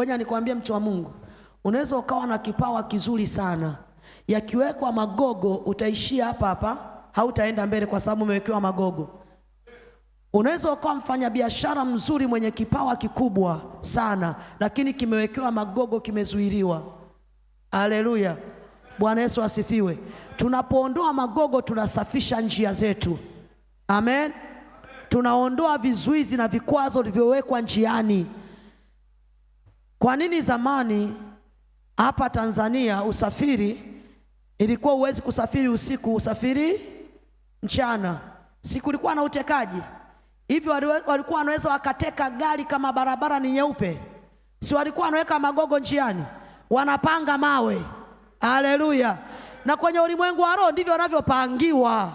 Ngoja nikwambie mtu wa Mungu, unaweza ukawa na kipawa kizuri sana, yakiwekwa magogo utaishia hapa hapa, hautaenda mbele kwa sababu umewekewa magogo. Unaweza ukawa mfanyabiashara mzuri mwenye kipawa kikubwa sana, lakini kimewekewa magogo, kimezuiliwa. Haleluya, Bwana Yesu asifiwe. Tunapoondoa magogo, tunasafisha njia zetu. Amen, tunaondoa vizuizi na vikwazo vilivyowekwa njiani. Kwa nini zamani hapa Tanzania usafiri ilikuwa huwezi kusafiri usiku, usafiri mchana? Siku ulikuwa na utekaji hivyo, walikuwa wanaweza wakateka gari kama barabara ni nyeupe, si walikuwa wanaweka magogo njiani, wanapanga mawe. Haleluya! Na kwenye ulimwengu wa roho ndivyo wanavyopangiwa.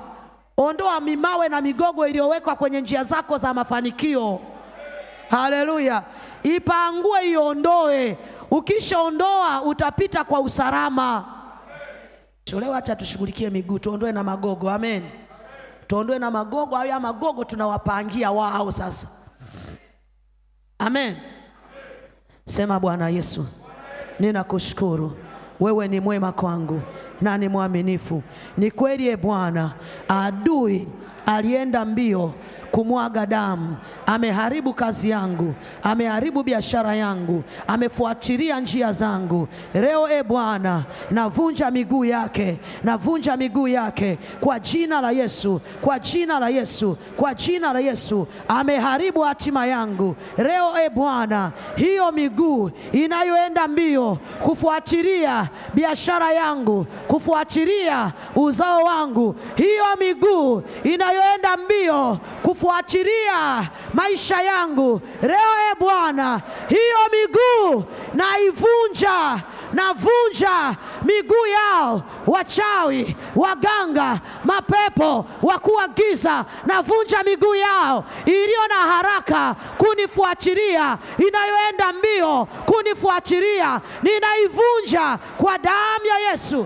Ondoa mimawe na migogo iliyowekwa kwenye njia zako za mafanikio. Haleluya, ipangue iondoe. Ukishaondoa utapita kwa usalama. Leo acha tushughulikie miguu, tuondoe na magogo. Amen, tuondoe na magogo. Haya magogo tunawapangia wao sasa. Amen, sema Bwana Yesu, ninakushukuru wewe ni mwema kwangu na ni mwaminifu. Ni kweli, e Bwana, adui alienda mbio kumwaga damu, ameharibu kazi yangu, ameharibu biashara yangu, amefuatilia njia zangu. Leo e Bwana, navunja miguu yake, navunja miguu yake kwa jina la Yesu, kwa jina la Yesu, kwa jina la Yesu. Ameharibu hatima yangu leo e Bwana, hiyo miguu inayoenda mbio kufuatilia biashara yangu, kufuatilia uzao wangu, hiyo miguu inayo ninayoenda mbio kufuatilia maisha yangu leo. E Bwana, hiyo miguu naivunja, navunja miguu yao wachawi, waganga, mapepo, wakuwa giza, navunja miguu yao iliyo na haraka kunifuatilia, inayoenda mbio kunifuatilia, ninaivunja kwa damu ya Yesu.